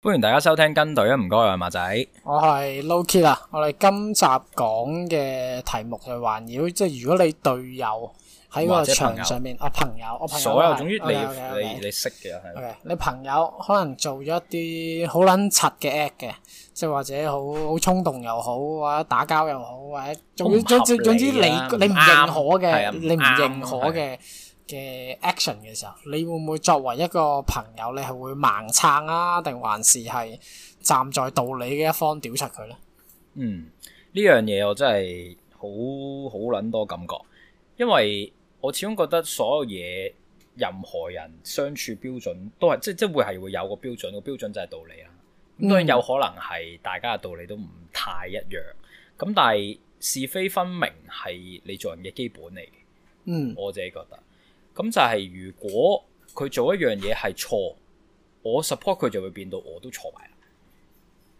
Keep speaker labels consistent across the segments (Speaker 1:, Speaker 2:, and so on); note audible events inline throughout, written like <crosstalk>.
Speaker 1: 歡迎大家收聽跟隊啊！唔該啊，麥仔，
Speaker 2: 我係 Loki 啊！我哋今集講嘅題目係環繞，即係如果你隊友。喺個場上面，我、哦、朋友，我朋友所有總之，話、
Speaker 1: OK, OK , OK,：，你識嘅。OK,
Speaker 2: 的你朋友可能做咗一啲好撚柒嘅 act 嘅，即係或者好好衝動又好，或者打交又好，或者總總總之你、啊嗯、你唔認可嘅，啊嗯、你唔認可嘅嘅、嗯、action 嘅時候，你會唔會作為一個朋友，你係會盲撐啊，定還是係站在道理嘅一方屌柒佢咧？
Speaker 1: 呢嗯，呢樣嘢我真係好好撚多感覺，因為。我始終覺得所有嘢，任何人相處標準都係，即係即係會係會有個標準，個標準就係道理啦。
Speaker 2: 咁當然有
Speaker 1: 可能係大家嘅道理都唔太一樣，咁但係是是非分明係你做人嘅基本嚟嘅。嗯，我自己覺得。咁、嗯、就係如果佢做一樣嘢係錯，我 support 佢就會變到我都錯埋。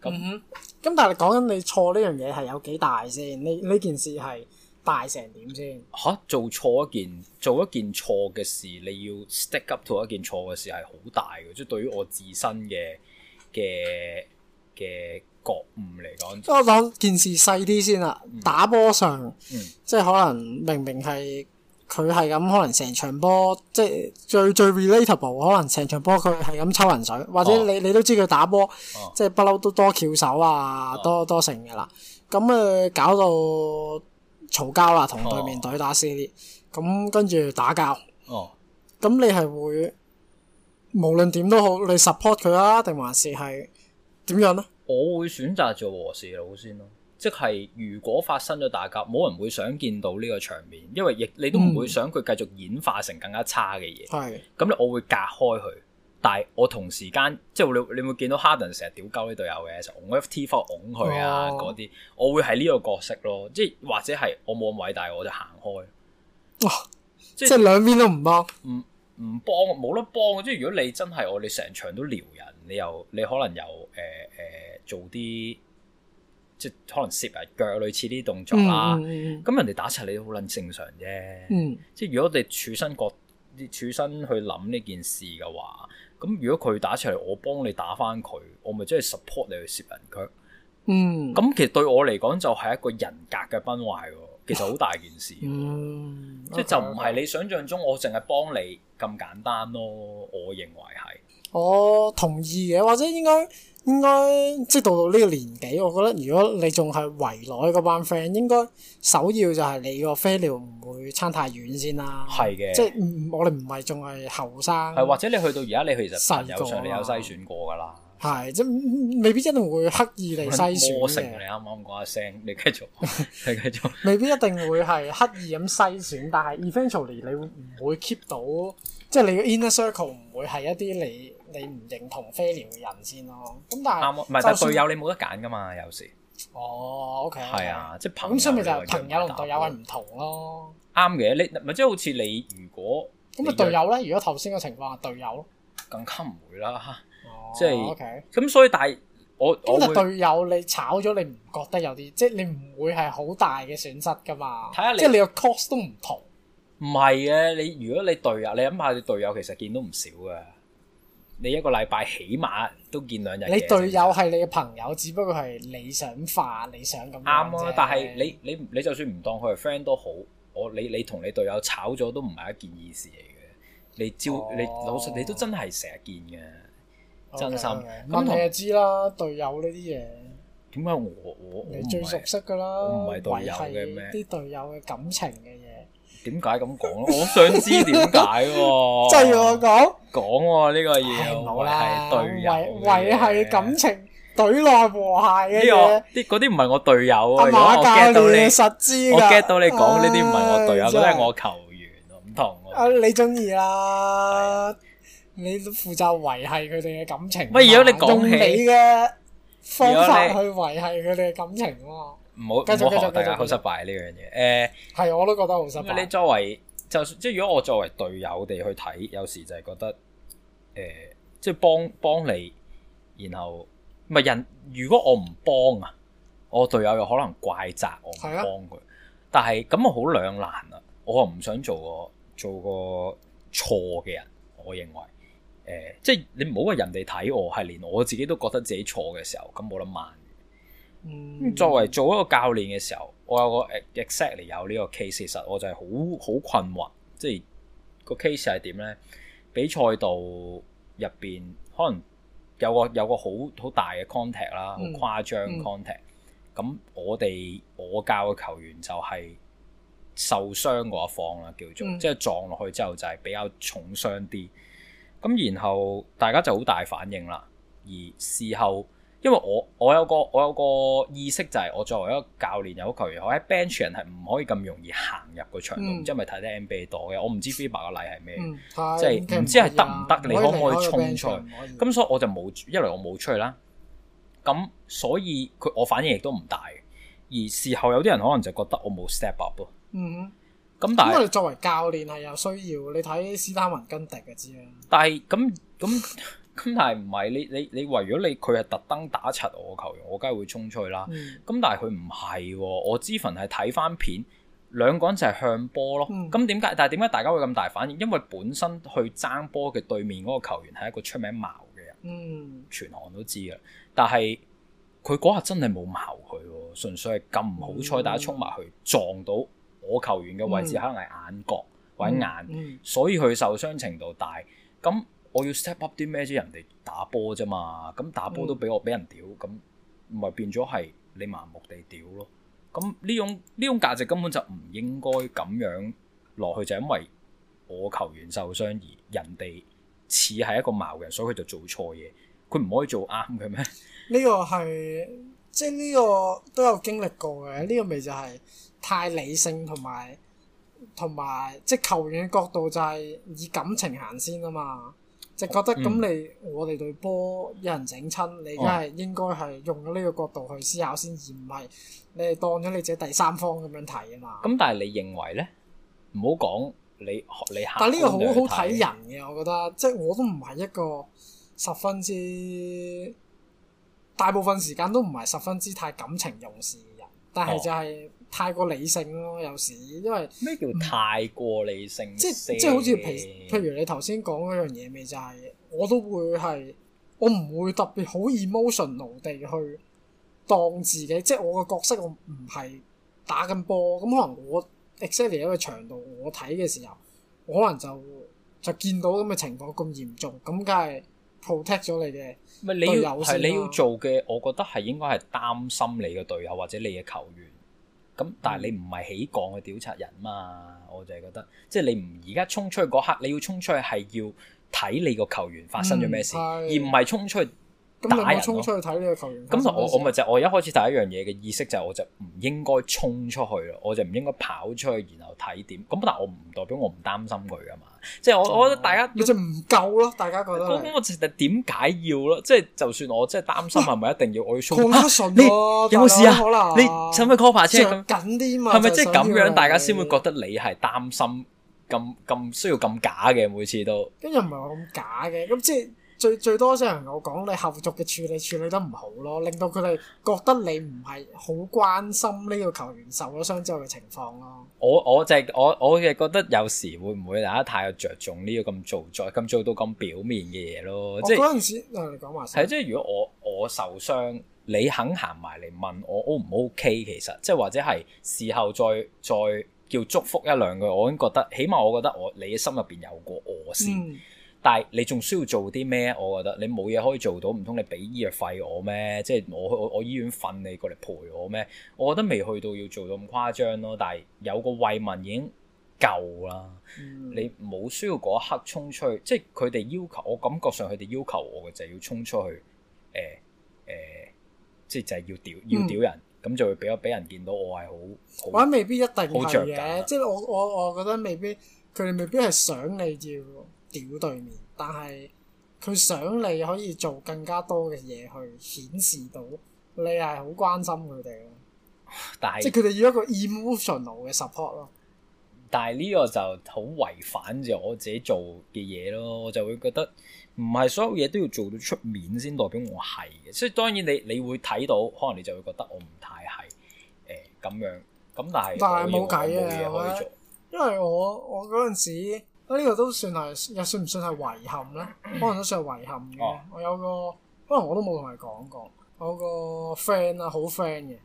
Speaker 2: 咁咁、嗯，但係講緊你錯呢樣嘢係有幾大先？你呢件事係。大成點先？
Speaker 1: 嚇！做錯一件，做一件錯嘅事，你要 stick up to 一件錯嘅事係好大嘅，即係對於我自身嘅嘅嘅覺悟嚟
Speaker 2: 講。我講件事細啲先啦，嗯、打波上，嗯、即係可能明明係佢係咁，可能成場波，即係最最 relatable，可能成場波佢係咁抽人水，或者你、啊、你都知佢打波，啊、即係不嬲都多翹手啊，多多，多成嘅啦。咁啊搞到～嘈交啦，同對面對打撕裂，咁跟住打交，哦，咁你係會無論點都好，你 support 佢啊，定還是係點樣呢？
Speaker 1: 我會選擇做和事佬先咯，即係如果發生咗打交，冇人會想見到呢個場面，因為亦你都唔會想佢繼續演化成更加差嘅嘢。係咁，我會隔開佢。但係我同時間即係你你會見到哈登成日屌鳩呢隊友嘅，就 OFT 翻去 O 佢啊嗰啲、oh.，我會喺呢個角色咯，即係或者係我冇咁偉大，我就行開。
Speaker 2: 哇、oh. 即！即係兩邊都唔幫，唔
Speaker 1: 唔幫，冇得幫。即係如果你真係我哋成場都撩人，你又你可能又誒誒做啲即係可能攝入腳類似啲動作啦，咁、mm. 人哋打柒你都好撚正常啫。Mm. 即係如果我哋處身覺，你處身,處身去諗呢件事嘅話。咁如果佢打出嚟，我幫你打返佢，我咪即係 support 你去攝人腳。嗯，
Speaker 2: 咁
Speaker 1: 其實對我嚟講就係一個人格嘅崩壞喎、哦，其實好大件事、
Speaker 2: 啊。嗯，即係就唔
Speaker 1: 係你想像中我淨係幫你咁簡單咯，我認為係。
Speaker 2: 我同意嘅，或者應該。應該即係到到呢個年紀，我覺得如果你仲係圍內嗰班 friend，應該首要就係你個 friend 唔會差太遠先啦。係嘅的，即係我哋唔係仲係後生。係或者
Speaker 1: 你去到而家，你其實朋友你有篩選過㗎啦。係，即
Speaker 2: 係未必一定會刻意嚟篩選嘅。魔性啊！
Speaker 1: 你啱啱嗰下聲，你繼續， <laughs> 你繼續。
Speaker 2: <laughs> 未必一定會係刻意咁篩選， <laughs> 但係 eventually 你會唔會 keep 到，即係你個 inner circle 唔會係一啲你。你唔認同 failure 嘅人先咯，咁但係、啊、唔係、但係隊友你
Speaker 1: 冇得揀噶嘛，有時。哦
Speaker 2: ，OK。係啊，即係朋咁所以咪就係朋友同隊友係唔同咯。
Speaker 1: 啱嘅，你咪即係好似你如果
Speaker 2: 咁啊，隊友咧？如果頭先嘅情況係隊友，更加唔會
Speaker 1: 啦，即係哦，OK。咁所以但係我咁啊，隊
Speaker 2: 友你炒咗你唔覺得有啲，即係你唔會係好大嘅損失噶嘛？睇下即係你個 cost 都唔同。
Speaker 1: 唔係嘅，你如果你隊友，你諗下你隊友其實見到唔少嘅。你一個禮拜起碼都見兩日。你隊友
Speaker 2: 係你嘅朋友，只不過係理想化、理想咁。啱咯，啊，但係
Speaker 1: 你你，你就算唔當佢係 friend 都好，我你你同你隊友炒咗都唔係一件易事嚟嘅。你照，哦，你老實，你都真係成日見嘅，okay,
Speaker 2: 真心咁，嗯、和你就知啦，隊友呢啲嘢。
Speaker 1: 點解我我，我，我你最熟
Speaker 2: 悉噶啦，唔係隊友嘅咩？啲隊友嘅感情嘅嘢。
Speaker 1: 點解咁講咯？我想知點解喎，真係要我講講喎呢個嘢，係隊
Speaker 2: 維係感情、隊內和諧嘅嘢。呢個
Speaker 1: 啲嗰啲唔係我隊友啊，如果我 get 到你實知，我 get 到你講呢啲唔係我隊友，都係我球員，唔同。
Speaker 2: 你鍾意啦，你負責維繫佢哋嘅感情，喂如果你講你嘅方法去維繫佢哋嘅感情啊？
Speaker 1: 唔好唔好學大家好失敗呢樣嘢誒，係、呃、我都覺得好失敗。你作為就算即係如果我作為隊友哋去睇，有時就係覺得誒、呃，即係幫幫你，然後唔係人如果我唔幫啊，我隊友又可能怪責我唔幫佢。但係咁我好兩難啊，難我又唔想做個做個錯嘅人。我認為誒、呃，即係你唔好話人哋睇我，係連我自己都覺得自己錯嘅時候，咁冇得問。嗯、作為做一個教練嘅時候，我有個 exactly 有呢個 case，其實我就係好好困惑。即係個 case 係點呢？比賽度入邊可能有個有個好好大嘅 contact 啦，好誇張 contact，嗯。咁、嗯、我哋我教嘅球員就係受傷嗰一方啦，叫做、嗯、即係撞落去之後就係比較重傷啲。咁然後大家就好大反應啦，而事後。因為我我有個我有個意識就係我作為一個教練有佢我喺 bench 人係唔可以咁容易行入個場，唔、嗯、知係咪睇得 NBA 多嘅？我唔知 FIBA 個例係咩，即係唔知係得唔得？你可唔可以衝場？咁所以我就冇一嚟，我冇出去啦。咁所以佢我反應亦都唔大，而事後有啲人可能就覺得我冇 step up 咯。嗯哼，咁但係作
Speaker 2: 為教練係有需要，你睇史丹文根迪嘅知
Speaker 1: 但係咁咁。 <laughs> 咁但係唔係你你你，為咗你佢係特登打柒我球員，我梗係會衝出去啦。咁、嗯、但係佢唔係，我之凡之分係睇翻片，兩個人就係向波咯。咁點解？但係點解大家會咁大反應？因為本身去爭波嘅對面嗰個球員係一個出名矛嘅人，嗯、全行都知嘅。但係佢嗰日真係冇矛佢，純粹係咁唔好彩，嗯、大家衝埋去撞到我球員嘅位置，嗯、可能係眼角或者眼，嗯嗯、所以佢受傷程度大咁。我要 step up 啲咩啫？嗯、人哋打波啫嘛，咁打波都俾我俾人屌，咁咪變咗係你盲目地屌咯。咁呢種呢種價值根本就唔應該咁樣落去，就因為我球員受傷而人哋似係一個矛人，所以佢就做錯嘢，佢唔可以做啱嘅咩？
Speaker 2: 呢個係，即係呢個都有經歷過嘅。呢、這個咪就係太理性同埋同埋即係球員嘅角度就係以感情行先啊嘛。就覺得咁你我哋對波有人整親，嗯、你梗係係應該係用呢個角度去思考先，哦、而唔係你係當咗你自己第三方咁樣睇啊嘛。
Speaker 1: 咁但係你認為咧？唔好講你學你客。但呢個好好睇人
Speaker 2: 嘅，我覺得，即、就、係、係、我都唔係一個十分之大部分時間都唔係十分之太感情用事嘅人，但係就係、係。哦太過理性咯，有時因為咩
Speaker 1: 叫太過理性？咧即係即係好似譬
Speaker 2: 譬如你頭先講樣嘢咪就係、是，我都會係我唔會特別好 emotional 地去當自己，即係我個角色我唔係打緊波咁，可能我 exactly 一個長度我睇嘅時候，我可能就就見到咁嘅情況咁嚴重，咁梗係 protect 咗你嘅。係你要有，係你要
Speaker 1: 做嘅，我覺得係應該係擔心你嘅隊友或者你嘅球員。咁，嗯、但係你唔係起降嘅調查人嘛？我就係覺得，即係你唔而家衝出去嗰刻，你要衝出去係要睇你個球員發生咗咩事，嗯、而唔係衝出去。
Speaker 2: 大你衝出去睇呢個球員？咁我我咪就
Speaker 1: 我一開始第一樣嘢嘅意識就係我就唔應該衝出去咯，我就唔應該跑出去然後睇點。咁但係我唔代表我唔擔心佢噶嘛。即係我我覺得大
Speaker 2: 家就唔夠咯，大家覺得咁
Speaker 1: 我其實點解要咯？即係就算我即係擔心，係咪一定要我要衝？你有冇事啊？你
Speaker 2: 使唔使 call 白車咁緊啲嘛？係咪即係咁樣大
Speaker 1: 家先會覺得你係擔心？咁咁需要咁假嘅每次都？
Speaker 2: 跟住唔係我咁假嘅，咁即係。最最多先人同我講，你後續嘅處理處理得唔好咯，令到佢哋覺得你唔係好關心呢個球員受咗傷之後嘅情況咯。
Speaker 1: 我我就係，我我亦覺得有時會唔會大家太着重呢個咁做作咁做到咁表面嘅嘢咯。即係嗰陣時，
Speaker 2: 啊、你講話係即係
Speaker 1: 如果我我受傷，你肯行埋嚟問我 O 唔 O K？其實即係或者係事後再再叫祝福一兩句，我已經覺得起碼我覺得我你心入邊有個我先、嗯。但係你仲需要做啲咩？我覺得你冇嘢可以做到，唔通你俾醫藥費我咩？即係我去我，我醫院瞓你過嚟陪我咩？我覺得未去到要做到咁誇張咯。但係有個慰問已經夠啦。嗯、你冇需要嗰一刻衝出去，即係佢哋要求。我感覺上佢哋要求我嘅就係要衝出去，誒、呃、誒、呃，即係就係要屌要屌人，咁、嗯、就會俾俾人見到我係好。我覺得未
Speaker 2: 必一定係嘅，即係我我我覺得未必，佢哋未必係想你要。小對面，但係佢想你可以做更加多嘅嘢去顯示到你係好關心佢哋咯。但係，即係佢哋要一個 emotional 嘅 support 咯。
Speaker 1: 但係呢個就好違反住我自己做嘅嘢咯。我就會覺得唔係所有嘢都要做到出面先代表我係嘅。所以當然你你會睇到，可能你就會覺得我唔太係誒咁樣。咁但係但係冇計呀，可以做。因
Speaker 2: 為我我嗰陣時。呢個都算係又算唔算係遺憾呢？ <coughs> 可能都算係遺憾嘅。哦、我有個，可能我都冇同佢講過。我有個 friend 啊，好 friend 嘅。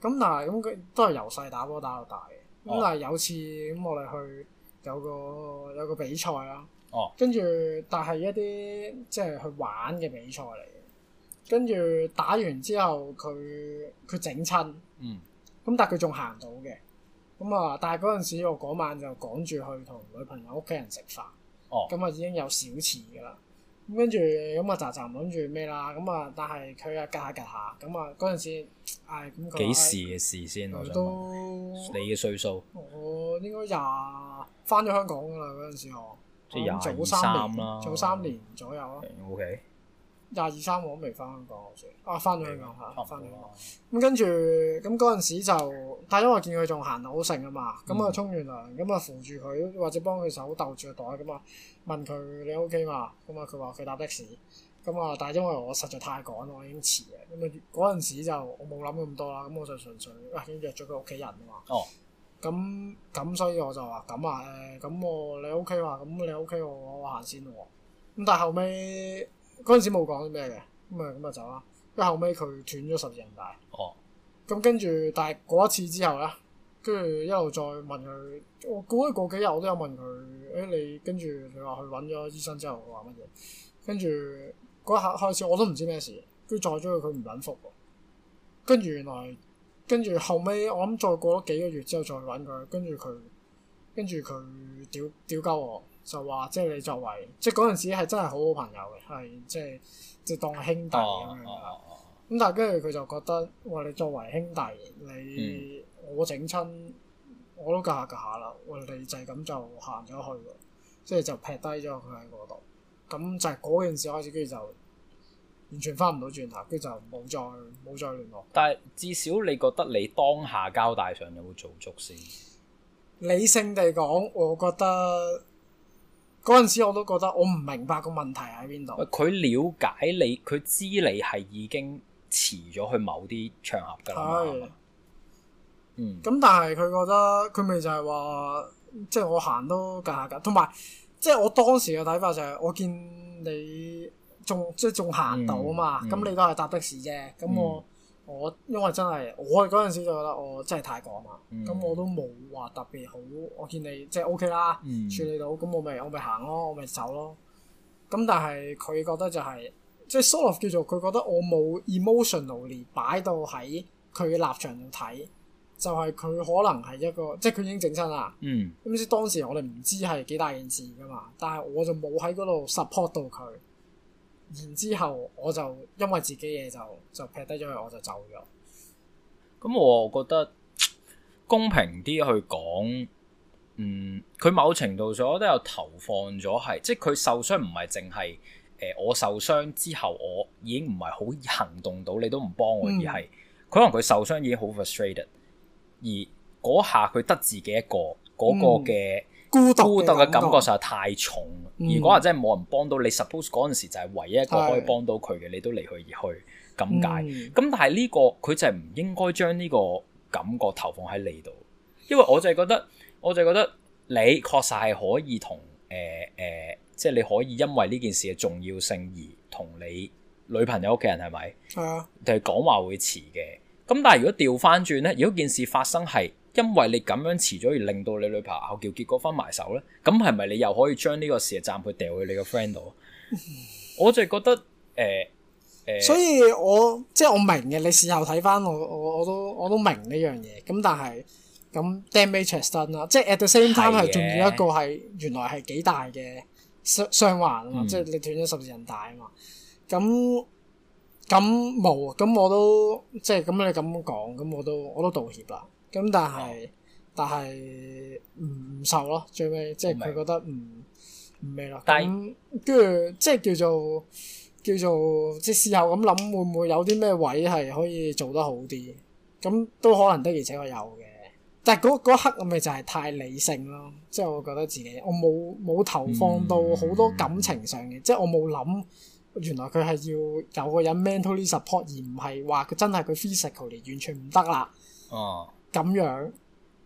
Speaker 2: 咁但係咁佢都係由細打波打到大嘅。咁、哦、但係有次咁我哋去有個有個比賽啦、啊。跟住、哦，但係一啲即係去玩嘅比賽嚟。哦。跟住打完之後，佢佢整親。嗯。咁但係佢仲行到嘅。咁啊、嗯！但係嗰陣時，我嗰晚就趕住去同女朋友屋企人食飯，咁啊、哦、已經有少遲噶啦。咁跟住咁啊，咋咋諗住咩啦？咁啊，但係佢啊，隔下隔下，咁啊嗰陣時，唉、哎，幾時
Speaker 1: 嘅事先？我都你嘅歲數，
Speaker 2: 我應該廿翻咗香港噶啦嗰陣時我，嗯、即係廿二三啦，啊、早三年左右啦。O K，廿二三我都未翻香港好似，啊翻咗香港嚇，翻咗香港。咁跟住咁嗰陣時就。但因為我見佢仲行得好成啊嘛，咁啊、嗯、沖完涼，咁啊扶住佢，或者幫佢手逗住個袋咁啊，問佢你 OK 嘛？咁啊佢話佢搭的士，咁啊但係因為我實在太趕，我已經遲嘅，咁啊嗰陣時就我冇諗咁多啦，咁我就純粹已經約咗佢屋企人啊嘛。哦。咁咁所以我就話咁啊，咁、欸、我你 OK 嘛？咁你 OK 我我行先咯。咁但係後尾，嗰陣時冇講啲咩嘅，咁啊咁啊走啦。跟住後尾，佢斷咗十二人大。哦。咁跟住，但係過一次之後呢，跟住一路再問佢，我過一過幾日，我都有問佢，誒、欸、你跟住佢話去揾咗醫生之後，佢話乜嘢？跟住嗰一刻開始，我都唔知咩事。跟住再咗佢，佢唔揾復喎。跟住原來，跟住後尾我諗再過咗幾個月之後再揾佢，跟住佢，跟住佢屌屌鳩我，就話即係你作為，即係嗰陣時係真係好好朋友嘅，係即係即當兄弟咁樣、oh, oh, oh, oh. 咁但係跟住佢就覺得，喂，你作為兄弟，你我整親，我都夾下夾下啦，喂，你就咁就行咗去，即係就劈低咗佢喺嗰度。咁就係嗰件事開始，跟住就完全翻唔到轉頭，跟住就冇再冇再聯絡。
Speaker 1: 但係至少你覺得你當下交代上有冇做足先？
Speaker 2: 理性地講，我覺得嗰陣時我都覺得我唔明白個問題喺邊度。
Speaker 1: 佢了解你，佢知你係已經。遲咗去某啲場合噶，嗯，
Speaker 2: 咁但係佢覺得佢咪就係話，即係我行都夾下夾，同埋即係我當時嘅睇法就係，我見你仲，即係仲行到啊嘛，咁你都係搭的士啫，咁我、嗯、我因為真係我嗰陣時就覺得我真係太趕嘛，咁、嗯、我都冇話特別好，我見你即係 O K 啦，嗯、處理到，咁我咪我咪行咯，我咪走咯，咁但係佢覺得就係、是。即係 Solo 叫做佢覺得我冇 emotionally 擺到喺佢嘅立場度睇，就係、是、佢可能係一個，即係佢已經整親啦。嗯，咁即係當時我哋唔知係幾大件事噶嘛，但係我就冇喺嗰度 support 到佢。然之後我就因為自己嘢就就劈低咗佢，我就走咗。
Speaker 1: 咁我、嗯、我覺得公平啲去講，嗯，佢某程度上都有投放咗，係即係佢受傷唔係淨係。誒、呃，我受傷之後，我已經唔係好易行動到，你都唔幫我，而係、嗯、可能佢受傷已經好 frustrated，而嗰下佢得自己一個，嗰、嗰個嘅、嗯、孤獨孤獨嘅感覺實在太重。如果話真係冇人幫到你，suppose 嗰陣時就係唯一一個可以幫到佢嘅，是你都離去而去，咁解。咁、嗯嗯、但係、這、呢個佢就係唔應該將呢個感覺投放喺你度，因為我就係覺得，我就係覺，覺得你確實係可以同誒誒。呃呃呃即係你可以因為呢件事嘅重要性而同你女朋友屋企人係咪？
Speaker 2: 係啊，
Speaker 1: 定係講話會遲嘅。咁但係如果調翻轉咧，如果件事發生係因為你咁樣遲咗，而令到你女朋友拗撬，結果分埋手咧，咁係咪你又可以將呢個事嘅責任去掉去你個 friend 度？嗯、我就覺得誒誒，呃呃、所以
Speaker 2: 我即係我明嘅。你事後睇翻我，我我都我都明呢樣嘢。咁但係咁 damage is done，即係 at the same time 係仲要一個係原來係幾大嘅。上上環啊嘛，嗯、即係你斷咗十字韌帶啊嘛，咁咁冇，咁我都即係咁你咁講，咁我都我都道歉啦。咁但係、嗯、但係唔受咯，最尾即係佢覺得唔唔咩咯，咁跟住即係叫做叫做即係事後咁諗，會唔會有啲咩位係可以做得好啲？咁都可能的而且我有嘅。但係嗰嗰刻，咪就係太理性咯。即係我覺得自己，我冇冇投放到好多感情上嘅，嗯、即係我冇諗原來佢係要有個人 mentally support，而唔係話佢真係佢 physical 嚟完全唔得啦。哦、啊，咁樣，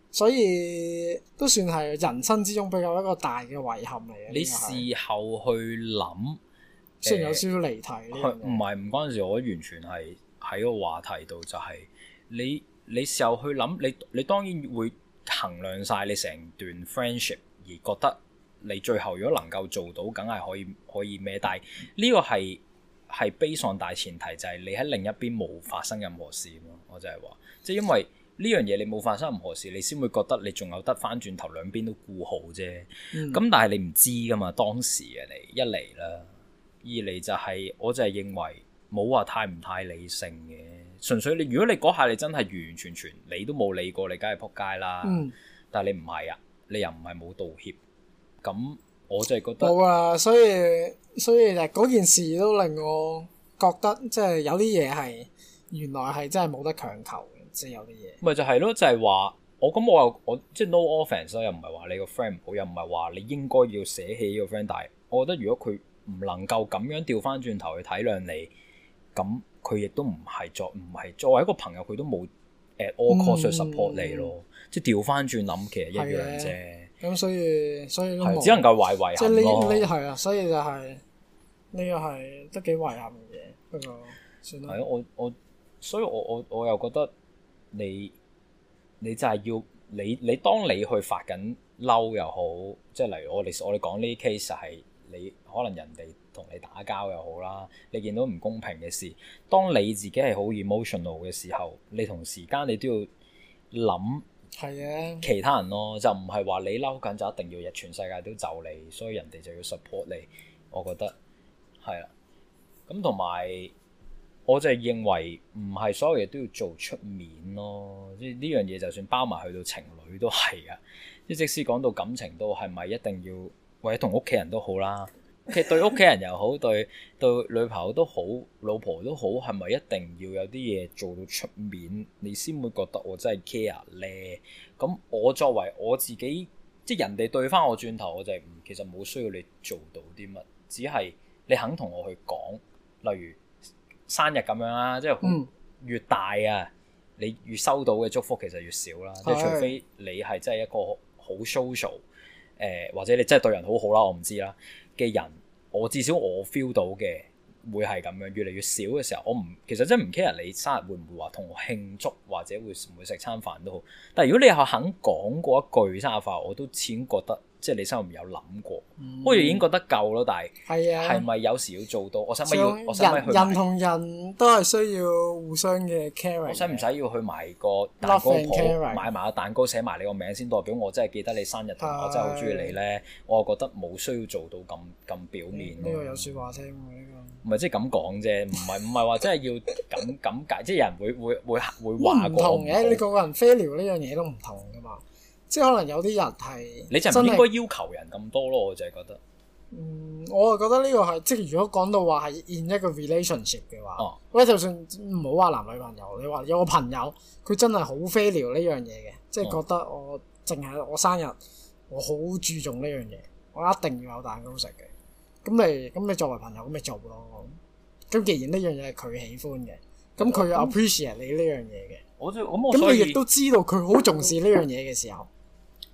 Speaker 2: 所以都算係人生之中比較一個大嘅遺憾嚟嘅。你事
Speaker 1: 後去諗，
Speaker 2: 雖然有少少離題。唔係
Speaker 1: 唔關事，我完全係喺個話題度就係、是、你。你時候去諗，你你當然會衡量晒你成段 friendship，而覺得你最後如果能夠做到，梗係可以可以咩？但係呢個係係悲壯大前提，就係、是、你喺另一邊冇發生任何事咯。我就係話，即係因為呢樣嘢你冇發生任何事，你先會覺得你仲有得翻轉頭兩邊都顧好啫。咁、嗯、但係你唔知噶嘛，當時啊，你一嚟啦，二嚟就係我就係認為冇話太唔太理性嘅。純粹你，如果你嗰下你真係完完全全你都冇理過，你梗係撲街啦。嗯、但係你唔係啊，你又唔係冇道歉。咁我真係覺得冇
Speaker 2: 啊。所以所以就嗰件事都令我覺得，即係有啲嘢係原來係真係冇得強求，即係有啲嘢
Speaker 1: 咪就係咯，就係話我咁我又，我，我，我即係 no offense 啊，又唔係話你個 friend 好，又唔係話你應該要捨棄呢個 friend。但係我覺得如果佢唔能夠咁樣調翻轉頭去體諒你，咁。佢亦都唔係作，唔係作為一個朋友，佢都冇誒 all cost、嗯、去 support 你咯。即係調翻轉諗，其實一樣啫。
Speaker 2: 咁所以，所以都只能夠懷遺憾咯。即係呢，呢係啊，所以就係呢個係都幾遺憾嘅。不過算啦。係啊，我我
Speaker 1: 所以我我我又覺得你你就係要你你當你去發緊嬲又好，即係例如我哋我哋講呢啲 case 係你可能人哋。同你打交又好啦，你見到唔公平嘅事，當你自己係好 emotional 嘅時候，你同時間你都要諗，係啊，其他人咯，的就唔係話你嬲緊就一定要日全世界都就你，所以人哋就要 support 你。我覺得係啦，咁同埋我就係認為唔係所有嘢都要做出面咯，即係呢樣嘢就算包埋去到情侶都係啊，即係即使講到感情都，係咪一定要，或者同屋企人都好啦。 <laughs> 對屋企人又好，對對女朋友都好，老婆都好，係咪一定要有啲嘢做到出面，你先會覺得我真係 care 咧？咁我作為我自己，即係人哋對翻我轉頭，我就係其實冇需要你做到啲乜，只係你肯同我去講，例如生日咁樣啦，即係、嗯、越大啊，你越收到嘅祝福其實越少啦，即係除非你係真係一個好 social，誒、呃、或者你真係對人好好啦，我唔知啦嘅人。我至少我 feel 到嘅，會係咁樣，越嚟越少嘅時候，我唔，其實真唔 care 你生日會唔會話同我慶祝，或者會唔會食餐飯都好。但係如果你有肯講過一句生日快樂，我都先覺得。即係你心入面有諗過，好似已經覺得夠咯，但係係咪有時要做到？我使唔使要？我使唔使去埋？人同
Speaker 2: 人都係需要互相嘅 care。我使
Speaker 1: 唔使要去埋個蛋糕鋪買埋個蛋糕，寫埋你個名先，代表我真係記得你生日，同我真係好中意你咧？我覺得冇需要做到咁咁表面。
Speaker 2: 呢個有説話聽喎，
Speaker 1: 呢個唔係即係咁講啫，唔係唔係話真係要咁咁解，即係人會會會會話唔同嘅，
Speaker 2: 你個個人 failure 呢樣嘢都唔同噶嘛。即係可能有啲人係，你就唔應該
Speaker 1: 要求人咁多咯。我就係覺得，
Speaker 2: 嗯，我就覺得呢個係，即係如果講到話係 in 一個 relationship 嘅話，喂、哦，就算唔好話男女朋友，你話有個朋友，佢真係好 failure 呢樣嘢嘅，即係覺得我淨係、嗯、我生日，我好注重呢樣嘢，我一定要有蛋糕食嘅，咁咪咁咪作為朋友咁咪做咯。咁既然呢樣嘢係佢喜歡嘅，咁佢 appreciate、嗯、你呢樣嘢嘅，
Speaker 1: 我最咁，咁佢亦都
Speaker 2: 知道佢好重視呢樣嘢嘅時候。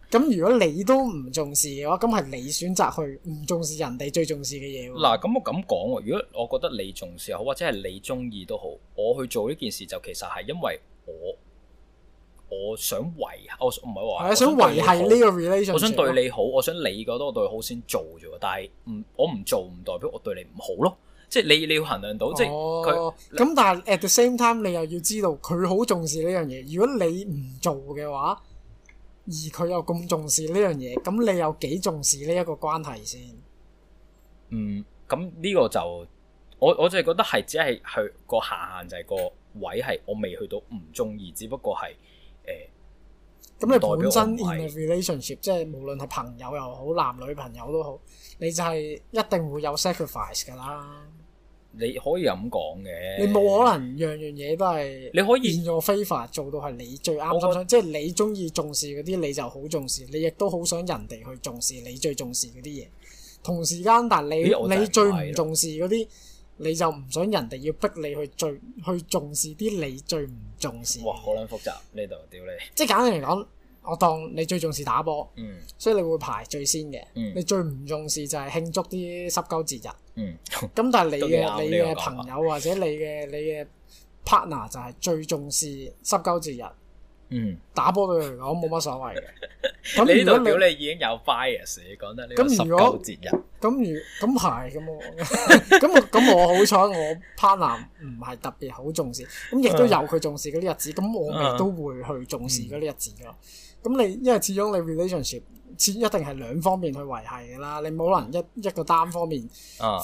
Speaker 2: 咁如果你都唔重視嘅話，咁係你選擇去唔重視人哋最重視嘅嘢。
Speaker 1: 嗱，咁我咁講喎，如果我覺得你重視又好，或者係你中意都好，我去做呢件事就其實係因為我我想維，的我唔係話係想維係呢個 relation。我想對你好，我想你覺得我對你好先做啫。但係唔，我唔做唔代表我對你唔好咯。即係你你要衡量到，哦、即係他佢。
Speaker 2: 咁但係 at the same time，你又要知道佢好重視呢樣嘢。如果你唔做嘅話，而佢又咁重視呢樣嘢，咁你有幾重視呢一個關係先？
Speaker 1: 嗯，咁呢個就我我就係覺得係只係佢個下限就係、是、個位係我未去到唔中意，只不過係誒。咁、呃、你本身 in a
Speaker 2: relationship，即係無論係朋友又好，男女朋友都好，你就係一定會有 sacrifice 噶啦。
Speaker 1: 你可以咁講嘅，你冇可
Speaker 2: 能樣樣嘢都係你可以做非法做到係你最啱。即係你中意重視嗰啲，你就好重視；你亦都好想人哋去重視你最重視嗰啲嘢。同時間，但係你又你最唔重視嗰啲，了你就唔想人哋要逼你去最去重視啲你最唔重視。哇！好
Speaker 1: 撚複雜呢度，屌你！即係簡
Speaker 2: 單嚟講。我當你最重視打波，所以你會排最先嘅。你最唔重視就係慶祝啲濕鳩節日。咁但係你嘅你嘅朋友或者你嘅你嘅 partner 就係最重視濕鳩節日。打波對佢嚟講冇乜所謂嘅。咁你代表你
Speaker 1: 已經有 bias，你講得呢個濕鳩節
Speaker 2: 日。咁如咁排咁我咁我咁我好彩我 partner 唔係特別好重視，咁亦都有佢重視嗰啲日子，咁我咪都會去重視嗰啲日子㗎。咁你，因為始終你 relationship 始一定係兩方面去維繫嘅啦，你冇可能一一個單方面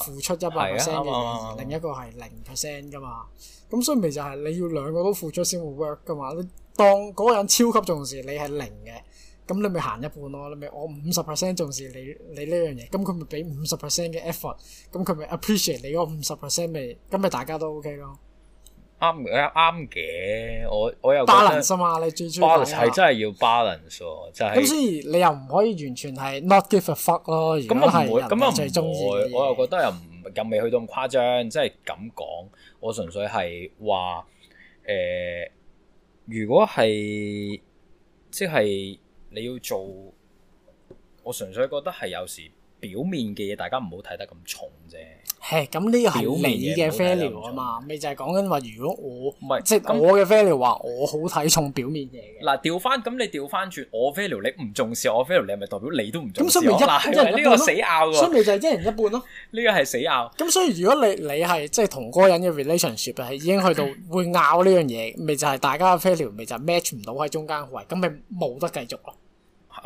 Speaker 2: 付出一百 percent 嘅，啊、另一個係零 percent 噶嘛。咁所以咪就係你要兩個都付出先會 work 噶嘛。你當嗰個人超級重視你係零嘅，咁你咪行一半咯。你咪我五十 percent 重視你你呢樣嘢，咁佢咪俾五十 percent 嘅 effort，咁佢咪 appreciate 你嗰五十 percent 咪，咁咪大家都 OK 咯。
Speaker 1: 啱啱嘅，我我又 balance 啊嘛，
Speaker 2: 你最最係真
Speaker 1: 係要 balance 喎、就係，就係咁。雖然
Speaker 2: 你又唔可以完全係 not give a fuck 咯，咁又唔會，咁又唔會。我
Speaker 1: 又覺得又唔咁未去到咁誇張，即係咁講，我純粹係話誒，如果係即係你要做，我純粹覺得係有時。表面嘅嘢大家唔好睇得咁重
Speaker 2: 啫。係，咁呢個係你嘅 value 啊嘛，咪就係講緊話，如果我唔係，即係我嘅 value 話我好睇重表面嘢
Speaker 1: 嘅。嗱，調翻咁你調翻轉我 value 你唔重視我 value 你係咪代表你都唔重視？咁所以咪一，呢個死拗喎。所以咪
Speaker 2: 就係一人一半咯，
Speaker 1: 呢個係死拗。
Speaker 2: 咁所以如果你你係即係同嗰個人嘅 relationship 係已經去到會拗呢樣嘢，咪就係大家嘅 value 咪就係 match 唔到喺中間位，咁咪冇得繼續咯。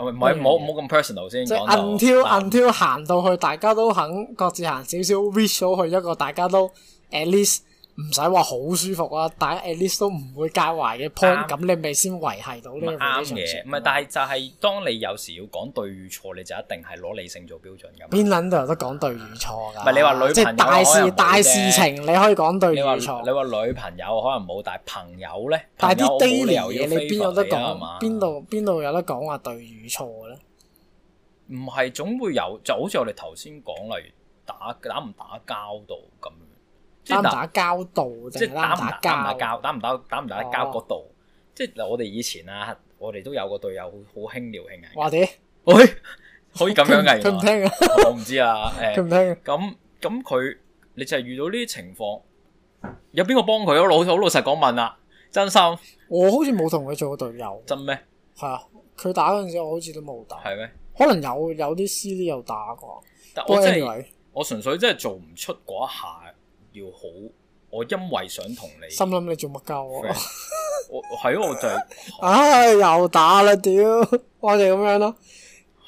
Speaker 1: 唔係，唔好唔好咁 personal 先講
Speaker 2: 到，即係 until until 行到去，大家都肯各自行少少，reach 到去一個大家都 at least。唔使話好舒服啊，但 at least 都唔會介懷嘅 point。咁你咪先維繫到呢個基礎先。
Speaker 1: 啱嘅，唔係，但係就係當你有時要講對與錯，你就一定係攞理性做標準咁。
Speaker 2: 邊捻度有得講對與錯噶？唔係你話女，即係大事、大事情你可以講對與錯，你
Speaker 1: 話女朋友可能冇，但係朋友咧，朋友我冇理由要飛走你啊嘛？你邊有得講？
Speaker 2: 邊度邊度有得講話對與錯咧？
Speaker 1: 唔係總會有，就好似我哋頭先講，例如打打唔打交度咁。打唔打
Speaker 2: 交度，即係打唔打交，打唔
Speaker 1: 打、哦、打，打打唔打交嗰度。哦、即係嗱，我哋以前啊，我哋都有個隊友，好輕佻
Speaker 2: 輕嘅。哇啲，喂、哎，可以咁樣嘅，佢唔聽啊？我唔
Speaker 1: 知啊，誒，佢唔聽啊？咁咁，佢，你就係遇到呢啲情況，有邊個幫佢咯？我好老實講
Speaker 2: 問啊，真心，我好似冇同佢做過隊友。真咩嗎？係啊，佢打嗰陣時，我好似都冇打。係咩嗎？可能有，有啲師弟有打過。但我真係，anyway 我純
Speaker 1: 粹真係做唔出嗰一下。要好，我因為想同你心
Speaker 2: 諗你做乜教我？Friend,
Speaker 1: 我係咯、哎，我就
Speaker 2: 唉、是哎、又打啦，屌，我哋咁樣咯，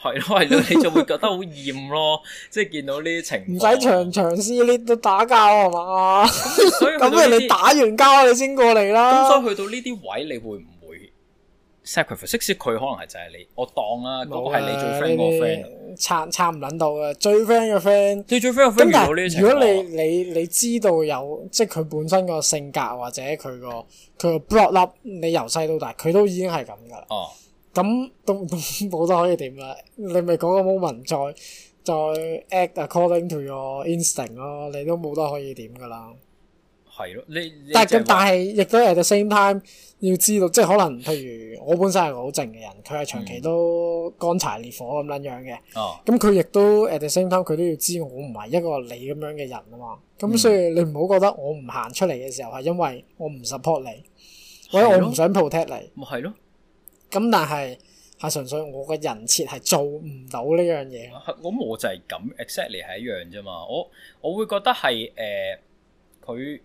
Speaker 1: 係咯係咯，你就會覺得好厭咯，即係見到呢啲情況，唔使長
Speaker 2: 長撕裂都打交係嘛？咁、嗯、不如你打完交你先過嚟啦。咁、嗯嗯、所以
Speaker 1: 去到呢啲位，你會唔會 sacrifice？即使佢可能係就係你，我當啦、啊，嗰個係你最 friend 個 friend。
Speaker 2: 撐撐唔捻到嘅，最 friend 嘅 friend，最最 friend 嘅 friend 咁如果你你你知道有即係佢本身個性格或者佢個佢個 block up，你由細到大佢都已經係咁噶啦。哦，咁都冇得可以點啦，你咪講個 moment 再再 add according to your instinct 咯，你都冇得可以點噶啦。
Speaker 1: 係但係咁，但
Speaker 2: 係亦都 at the same time，要知道，即係可能，譬如我本身係個好靜嘅人，佢係長期都乾柴烈火咁樣樣嘅。哦、嗯，咁佢亦都，at the same time，佢都要知我唔係一個你咁樣嘅人啊嘛。咁所以你唔好覺得我唔行出嚟嘅時候係因為我唔 support 你，的或者我唔想 protect 你。咪係咯，咁但係係純粹我嘅人設係做唔到呢樣嘢。咁、啊、
Speaker 1: 我，我就係咁，exactly 係一樣啫嘛。我我會覺得係誒佢。呃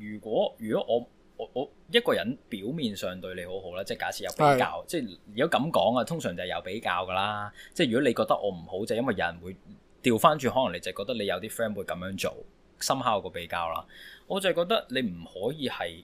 Speaker 1: 如果如果我我我一個人表面上對你好好啦，即係假設有比較，對 即係如果咁講啊，通常就係有比較噶啦。即係如果你覺得我唔好，就係因為有人會調翻轉，可能你就覺得你有啲 friend 會咁樣做，深刻有個比較啦。我就係覺得你唔可以係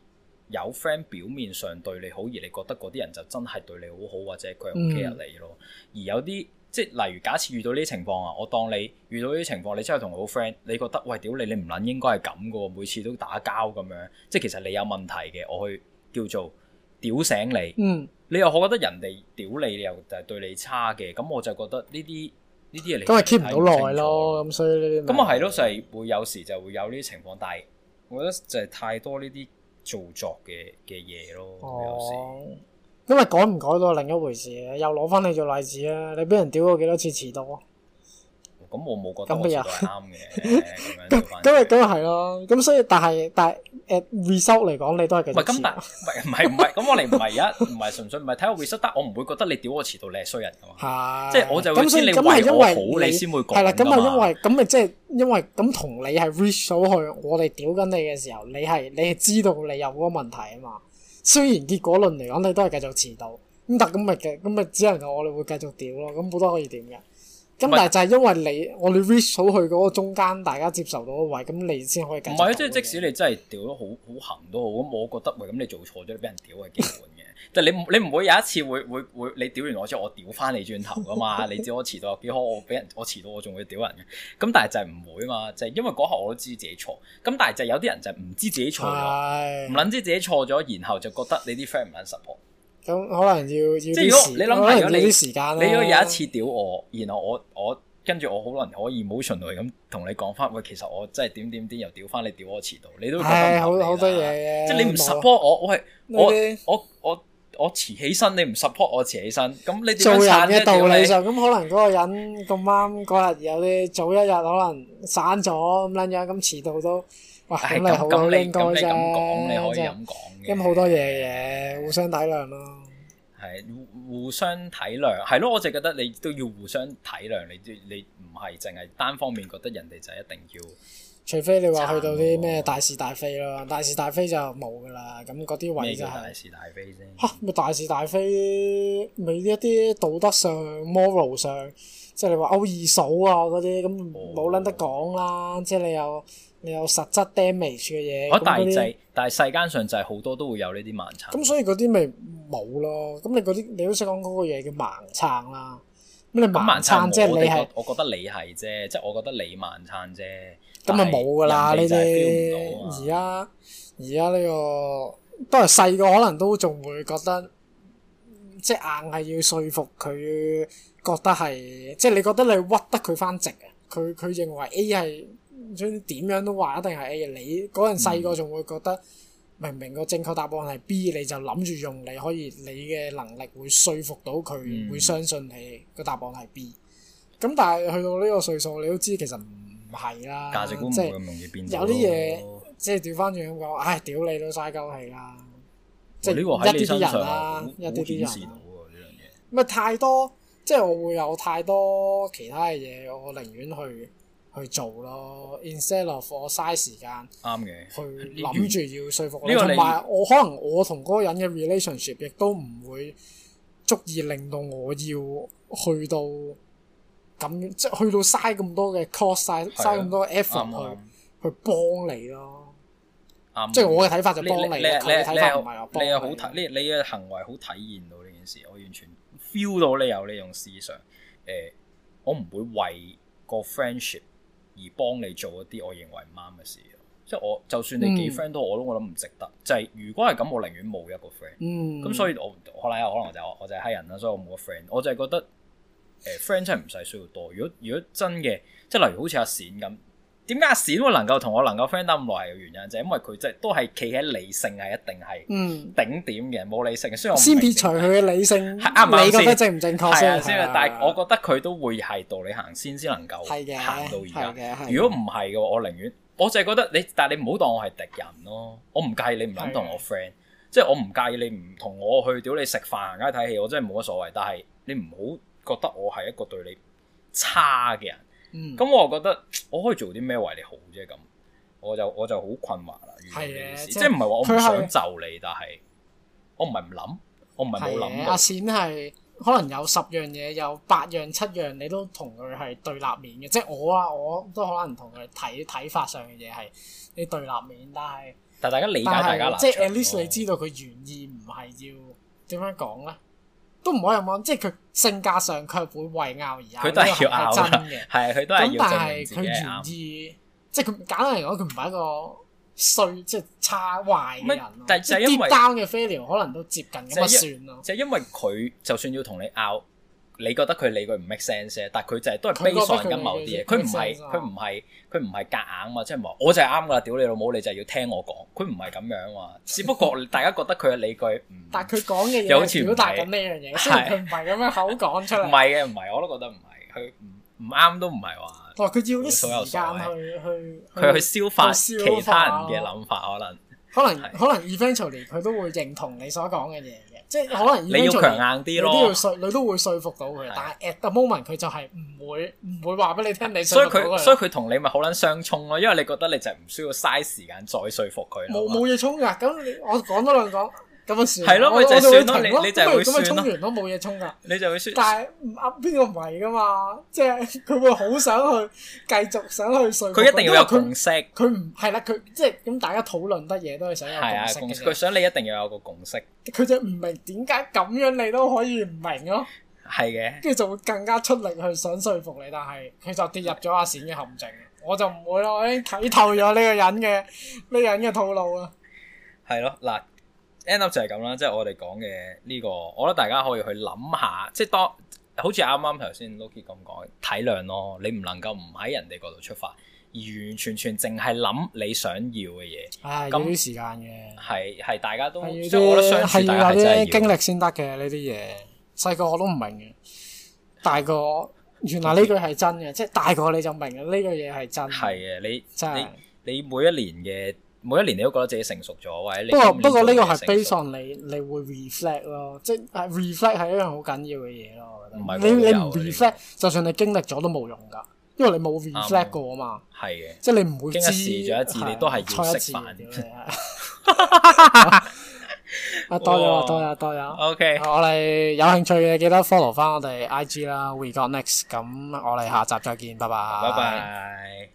Speaker 1: 有 friend 表面上對你好，而你覺得嗰啲人就真係對你好好，或者佢 care 你咯。嗯、而有啲即係例如，假設遇到呢啲情況啊，我當你遇到呢啲情況，你真係同佢好 friend，你覺得喂屌你，你唔撚應該係咁㗎喎，每次都打交咁樣，即係其實你有問題嘅，我去叫做屌醒你。嗯。你又我覺得人哋屌你，你又就係對你差嘅，咁我就覺得呢啲呢啲嘢都係 keep 唔到耐咯，
Speaker 2: 咁、嗯、所以咁啊
Speaker 1: 係咯，就係會有時就會有呢啲情況，但係我覺得就係太多呢啲做作嘅嘅嘢咯，有時、哦。
Speaker 2: 因為改唔改都係另一回事，又攞翻你做例子啊！你俾人屌過幾多次遲到？
Speaker 1: 咁我冇覺得咁嘅人啱
Speaker 2: 嘅。咁咁又咁又係咯，咁所以但係但誒 result 嚟講，你都係幾錢？唔係唔
Speaker 1: 係唔係，咁我哋唔係一唔係純粹唔係睇我 result 得，我唔會覺得你屌我遲到，你係衰
Speaker 2: 人噶嘛？係，即係我就咁先。咁係因為係啦，咁係因為咁咪即係因為咁同你係 result 去，我哋屌緊你嘅時候，你係你係知道你有嗰個問題啊嘛？雖然結果論嚟講，你都係繼續遲到，咁但咁咪嘅，咁咪只能夠我哋會繼續屌咯，咁好多可以點嘅。咁但係就係因為你，是我哋 reach 到去嗰個中間大家接受到嘅位，咁你先可以繼續。唔係即
Speaker 1: 係即使你真係屌得好好行都好，咁我覺得喂，咁你做錯咗，你俾人屌係結果。 <laughs> 就你你唔會有一次會會會你屌完我之後，我屌翻你轉頭㗎嘛？ <laughs> 你知我遲到有幾好？我俾人我遲到，我仲會屌人嘅。咁但係就係唔會嘛，就係、是、因為嗰下我都知自己錯。咁但係就係有啲人就唔知自己錯唔
Speaker 2: 撚、
Speaker 1: 哎、知自己錯咗，然後就覺得你啲 friend 唔撚 support。
Speaker 2: 咁、嗯、可能要，要即係如果你諗埋咗你時間，你如果、啊、有一次
Speaker 1: 屌我，然後我我跟住我可能可以冇循序咁同你講翻，喂，其實我真係點點點又屌翻你，屌我遲到，你都係、哎、好，
Speaker 2: 好多嘢、啊。即係你唔 support
Speaker 1: 有我，我係我我我。我我我我我 <laughs> 我遲起身，你唔 support 我遲起身，咁你做人嘅道理上，咁
Speaker 2: 你。可能嗰個人咁啱嗰日有啲早一日可能散咗咁樣，咁遲到都，
Speaker 1: 哇，好、哎、樣你好，應該啫。咁你咁講，你可以咁
Speaker 2: 講嘅。咁好多嘢嘢、啊，互相體諒咯。
Speaker 1: 係互相體諒，係咯？我就覺得你都要互相體諒，你你唔係淨係單方面覺得人哋就一定要。
Speaker 2: 除非你話去到啲咩大是大非咯，大是大非就冇噶啦。咁嗰啲位置就係、是、大是大，大非啫。大是大，大非咪一啲道德上、moral 上，即係你話勾二嫂啊嗰啲咁冇撚得講啦。哦、即係你有你有實質 damage 嘅嘢。嚇，但係
Speaker 1: 但係世間上就係好多都會有呢啲盲撐。咁
Speaker 2: 所以嗰啲咪冇咯。咁你嗰啲你都識講嗰個嘢叫盲撐啦、啊。咁你盲撐即係你係我覺
Speaker 1: 得你係啫，即係我覺得你盲撐啫。
Speaker 2: 咁啊冇噶啦呢啲，而家而家呢個，都係細個可能都仲會覺得，即係硬係要說服佢覺得係，即係你覺得你屈得佢翻直啊？佢佢認為 A 係，所以點樣都話一定係 A。你嗰陣細個仲會覺得，嗯、明明個正確答案係 B？你就諗住用你可以你嘅能力會說服到佢，嗯、會相信你個答案係 B。咁但係去到呢個歲數，你都知其實。係啦，價值觀容易變，即係有啲嘢，嗯、即係調翻轉咁講，唉，屌你都嘥鳩氣啦！即係呢個喺你身上一啲啲人都見唔到喎呢樣嘢。唔係太多，即係我會有太多其他嘅嘢，我寧願去去做咯，instead of for 嘥時間，啱嘅的，去諗住要說服我個你，同埋我可能我同嗰個人嘅 relationship 亦都唔會足以令到我要去到。咁即係去到嘥咁多嘅 cost，嘥嘥咁多 effort 去、嗯、去幫你咯。
Speaker 1: 啱、嗯，即係我嘅睇法就幫你，你。幫你嘅睇你好體，你嘅行為好體現到呢件事。我完全 feel 到你有呢用思想。誒、呃，我唔會為個 friendship 而幫你做一啲我認為唔啱嘅事。即係我就算你幾 friend 都，我都我諗唔值得。嗯、就係如果係咁，我寧願冇一個 friend、嗯。咁所以我可能可能就我我就 hi 人啦，所以我冇個 friend。我就係覺得。誒，friend 真係唔使需要多。如果如果真嘅，即係例如好似阿閃咁，點解阿閃會能夠同我能夠 friend 得咁耐嘅原因，就係因為佢即係都係企喺理性係一定係頂點嘅，冇、嗯、理、理、理性。雖然我先
Speaker 2: 撇除佢嘅理性，啱唔啱先？正正你覺得正唔正確先？但係我覺
Speaker 1: 得佢都會係道理行先，先能夠行到而家。如果唔係嘅，我寧願我就係覺得你，但係你唔好當我係敵人咯。我唔介意你唔肯同我 friend，即係我唔介意你唔同我去屌你食飯、行街睇戲，我真係冇乜所謂。但係你唔好。覺得我係一個對你差嘅人，咁、嗯、我覺得我可以做啲咩為你好啫？咁我就我就好困惑啦。
Speaker 2: 係即係唔係話我唔想
Speaker 1: 就你，是但係我唔係唔諗，我唔係冇諗。阿
Speaker 2: 冼係可能有十樣嘢，有八樣七樣，你都同佢係對立面嘅，即係我啊，我都可能同佢睇睇法上嘅嘢係你對立面，但係但係大家理解大家啦，是即係 at least 你知道佢原意唔係要點樣講咧。都唔可以咁講，即係佢性格上佢係會為拗而拗，佢都係拗真嘅。係，佢都係咁，但係佢願意，即係佢簡單嚟講，佢唔係一個衰，即係差壞嘅人咯。但係因為啲單嘅飛聊可能都接近咁算
Speaker 1: 咯。就因為佢就算要同你拗。你覺得佢理據唔 make sense 啫，但佢就係都係 base 緊某啲嘢，佢唔係佢唔係佢唔係夾硬嘛，即係我我就係啱㗎喇，屌你老母，你就要聽我講，佢唔係咁樣嘛。只不過大家覺得佢嘅理據唔，
Speaker 2: 但佢講嘅嘢又好似表達緊呢樣嘢，即係佢唔係咁樣口講出嚟。唔係
Speaker 1: 嘅，唔係我都覺得唔係，佢唔啱都唔係話。
Speaker 2: 佢要有時間去佢去消化其他人嘅諗法，可能可能可能 eventually 佢都會認同你所講嘅嘢。即係可能 joy, 你要強硬啲咯，你都要説，你都會説服到佢。是的 但係 at the moment 佢就係唔會唔會話俾你聽，你所以佢所以
Speaker 1: 佢同你咪好撚相衝咯，因為你覺得你就係唔需要嘥時間再説服佢。
Speaker 2: 冇冇嘢衝㗎，咁 <laughs> 我講多兩講。咁咪算係咯，我就會停咯，你就會咁啊，衝完都冇嘢衝噶，你就會輸。但係唔噏邊個唔係噶嘛，即係佢會好想去繼續想去說服。佢一定要有共
Speaker 1: 識，佢唔
Speaker 2: 係啦，佢即係咁大家討論得嘢都係想有共識。佢
Speaker 1: 想你一定要有個共識。
Speaker 2: 佢就唔明點解咁樣你都可以唔明咯，
Speaker 1: 係嘅的。跟
Speaker 2: 住就會更加出力去想說服你，但係佢就跌入咗阿閃嘅陷阱。我就唔會咯，我已經睇透咗呢個人嘅呢 <laughs> 個人嘅套路啊。係咯嗱。
Speaker 1: end up 就係咁啦，即係我哋講嘅呢個，我覺得大家可以去諗下，即係當好似啱啱頭先 Loki 咁講，體諒咯，你唔能夠唔喺人哋嗰度出發，而完完全全淨係諗你想要嘅嘢，啊，要時間嘅，係係大家都，所以我覺得大家真係要，要有經
Speaker 2: 歷先得嘅呢啲嘢。細個我都唔明嘅，大個原來呢句係真嘅，即係大個你就明嘅呢個嘢係真。係
Speaker 1: 嘅，你真係你每一年嘅。每一年你都覺得自己成熟咗，或者你不過不過呢個係 base
Speaker 2: on 你，你會 reflect 咯，即 reflect 係一樣好緊要嘅嘢咯。唔係你你唔 reflect，就算你經歷咗都冇用噶，因為你冇 reflect 過啊嘛。
Speaker 1: 係嘅。即係你唔會，經一次做一次，你都係錯一次。
Speaker 2: 多謝多謝多謝。OK，我哋有興趣嘅記得 follow 翻我哋 IG 啦。We got next，咁我哋下集再見，拜拜，拜拜。